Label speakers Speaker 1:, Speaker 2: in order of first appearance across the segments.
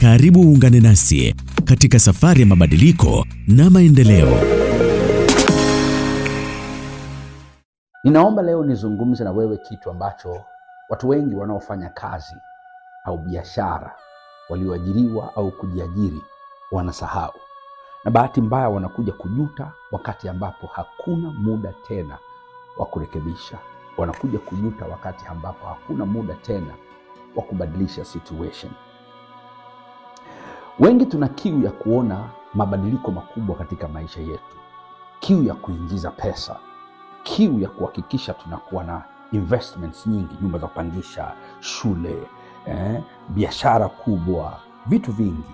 Speaker 1: Karibu uungane nasi katika safari ya mabadiliko na maendeleo.
Speaker 2: Ninaomba leo nizungumze na wewe kitu ambacho watu wengi wanaofanya kazi au biashara, walioajiriwa au kujiajiri, wanasahau na bahati mbaya wanakuja kujuta wakati ambapo hakuna muda tena wa kurekebisha. Wanakuja kujuta wakati ambapo hakuna muda tena wa kubadilisha situation. Wengi tuna kiu ya kuona mabadiliko makubwa katika maisha yetu, kiu ya kuingiza pesa, kiu ya kuhakikisha tunakuwa na investments nyingi, nyumba za kupangisha, shule, eh, biashara kubwa, vitu vingi,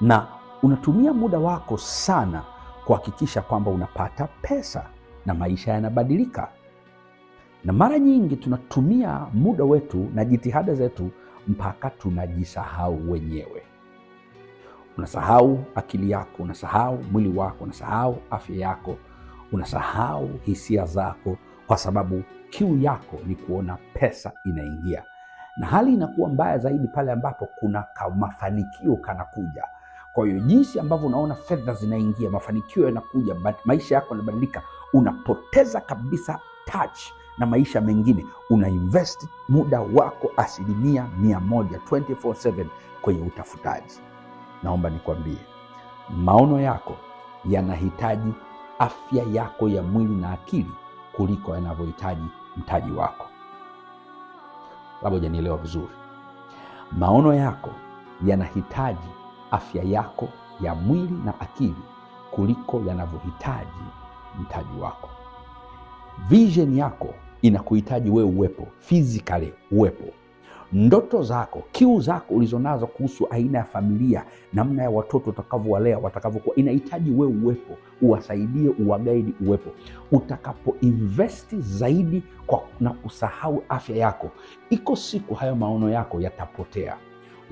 Speaker 2: na unatumia muda wako sana kuhakikisha kwamba unapata pesa na maisha yanabadilika. Na mara nyingi tunatumia muda wetu na jitihada zetu mpaka tunajisahau wenyewe. Unasahau akili yako, unasahau mwili wako, unasahau afya yako, unasahau hisia zako, kwa sababu kiu yako ni kuona pesa inaingia, na hali inakuwa mbaya zaidi pale ambapo kuna mafanikio kanakuja. Kwa hiyo jinsi ambavyo unaona fedha zinaingia, mafanikio yanakuja, maisha yako yanabadilika, unapoteza kabisa touch na maisha mengine. Una invest muda wako asilimia mia moja 24/7 kwenye utafutaji naomba nikwambie, maono yako yanahitaji afya yako ya mwili na akili kuliko yanavyohitaji mtaji wako. Labda hujanielewa vizuri. Maono yako yanahitaji afya yako ya mwili na akili kuliko yanavyohitaji mtaji wako. Vision yako inakuhitaji wewe uwepo physically, uwepo ndoto zako, kiu zako ulizonazo kuhusu aina ya familia, namna ya watoto utakavyowalea, watakavyokuwa, inahitaji wewe uwepo, uwasaidie, uwagaidi, uwepo. Utakapoinvesti zaidi kwa na kusahau afya yako, iko siku hayo maono yako yatapotea.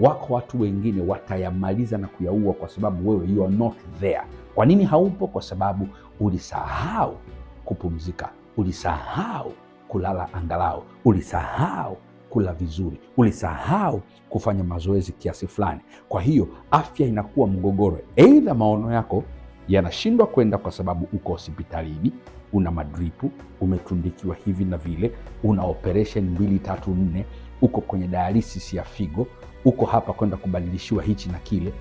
Speaker 2: Wako watu wengine watayamaliza na kuyaua, kwa sababu wewe you are not there. Kwa nini haupo? Kwa sababu ulisahau kupumzika, ulisahau kulala angalau, ulisahau kula vizuri, ulisahau kufanya mazoezi kiasi fulani. Kwa hiyo afya inakuwa mgogoro, aidha maono yako yanashindwa kwenda kwa sababu uko hospitalini, una madripu, umetundikiwa hivi na vile, una operesheni mbili tatu nne, uko kwenye dialysis ya figo, uko hapa kwenda kubadilishiwa hichi na kile.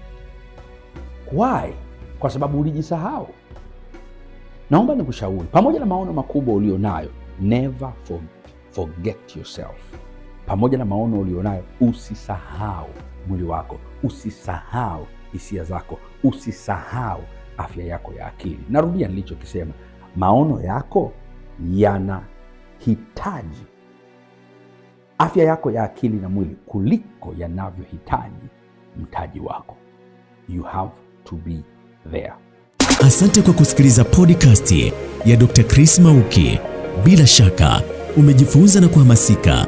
Speaker 2: Why? Kwa sababu ulijisahau. Naomba nikushauri, pamoja na maono makubwa ulionayo, never forget yourself pamoja na maono ulionayo, usisahau mwili wako, usisahau hisia zako, usisahau afya yako ya akili. Narudia nilichokisema, maono yako yanahitaji afya yako ya akili na mwili kuliko yanavyohitaji mtaji wako. You have to be there.
Speaker 1: Asante kwa kusikiliza podcast ya Dr. Chris Mauki. Bila shaka umejifunza na kuhamasika.